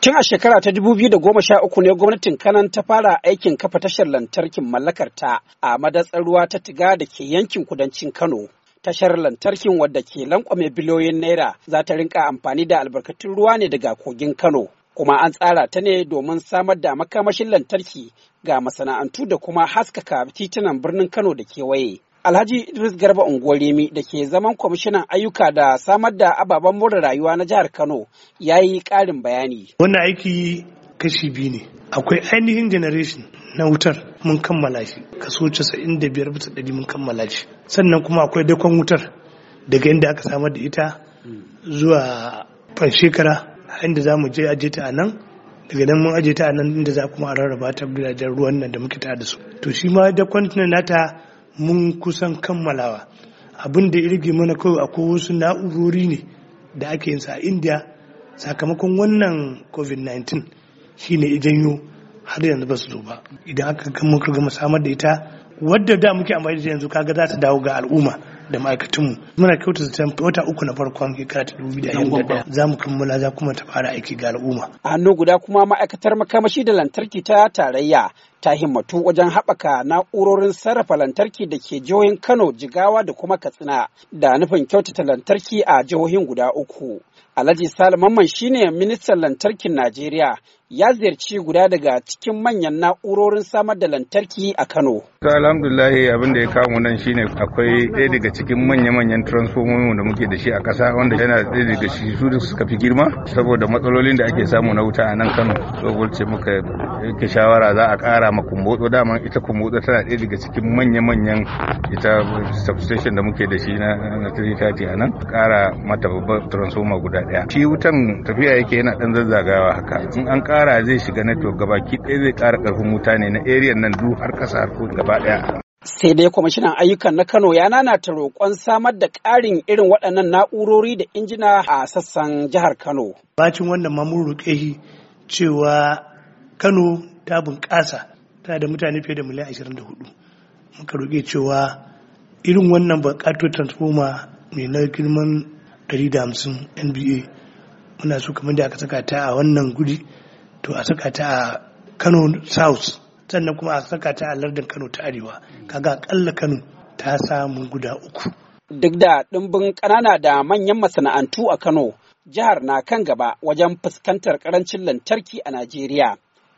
Tun a shekara ta 2013 ne gwamnatin Kanan ta fara aikin kafa tashar lantarkin mallakarta a madatsar ruwa ta Tiga da ke yankin kudancin Kano. Tashar lantarkin wadda ke lankwame biliyoyin naira za ta rinka amfani da albarkatun ruwa ne daga kogin Kano. Kuma an tsara ta ne domin samar da makamashin lantarki ga masana'antu da kuma haskaka titunan birnin Kano da kewaye. Alhaji Idris Garba Unguwaremi da ke zaman kwamishinan ayyuka da samar da ababen more rayuwa na jihar Kano ya yi ƙarin bayani. Wannan aiki kashi biyu ne. Akwai ainihin generation na wutar mun kammala shi kaso 95 bisa ɗari mun kammala shi. Sannan kuma akwai dakon wutar daga inda aka samar da ita zuwa fan shekara inda za mu je aje ta a nan daga nan mun aje ta a nan inda za kuma a rarraba ta gidajen ruwan nan da muke ta da su. To shi ma dakon nata mun kusan kammalawa abin da ya mana kawai akwai wasu na'urori ne da ake yin a india sakamakon wannan covid-19 shine ya janyo har yanzu ba su zo ba idan aka gama samar da ita wadda da muke amfani da yanzu kaga za ta dawo ga al'umma da ma'aikatanmu muna kyauta zaton wata uku na farkon shekara ta dubu da yan za mu kammala za kuma ta fara aiki ga al'umma. a hannu guda kuma ma'aikatar makamashi da lantarki ta tarayya ta himmatu wajen haɓaka na'urorin sarrafa lantarki da ke jihohin kano jigawa da kuma katsina da nufin kyautata lantarki a jihohin guda uku alhaji salman shine ministan lantarkin najeriya ya ziyarci guda daga cikin manyan na'urorin samar da lantarki a Kano. Alhamdulillah abin da ya kawo nan shine akwai ɗaya daga cikin manya-manyan transformomi da muke da shi a ƙasa wanda yana ɗaya daga shi su da suka fi girma saboda matsalolin da ake samu na wuta a nan Kano. So ce muka yake shawara za a kara ma kumbotso dama ita kumbotso tana ɗaya daga cikin manya-manyan ita substation da muke da shi na 330 a nan ƙara mata babbar transformer guda ɗaya shi wutan tafiya yake yana ɗan zazzagawa haka in an kara zai shiga network gabaki ɗaya zai ƙara ƙarfin wuta ne na area nan du har ƙasa har gaba ɗaya sai dai kwamishinan ayyukan na kano ya nanata roƙon samar da ƙarin irin waɗannan na'urori da injina a sassan jihar kano bacin wannan mamun roƙe cewa kano ta bunƙasa tana da mutane fiye da miliyan 24 muka roƙe cewa irin wannan buƙatar transformer mai na girman 150 nba muna so kamar da aka saka ta a wannan guri to a saka ta a kano south sannan kuma a saka ta a lardin kano ta arewa kaga akalla kano ta samu guda uku duk da ɗimbin ƙanana da manyan masana'antu a kano jihar na kan gaba wajen fuskantar ƙarancin lantarki a najeriya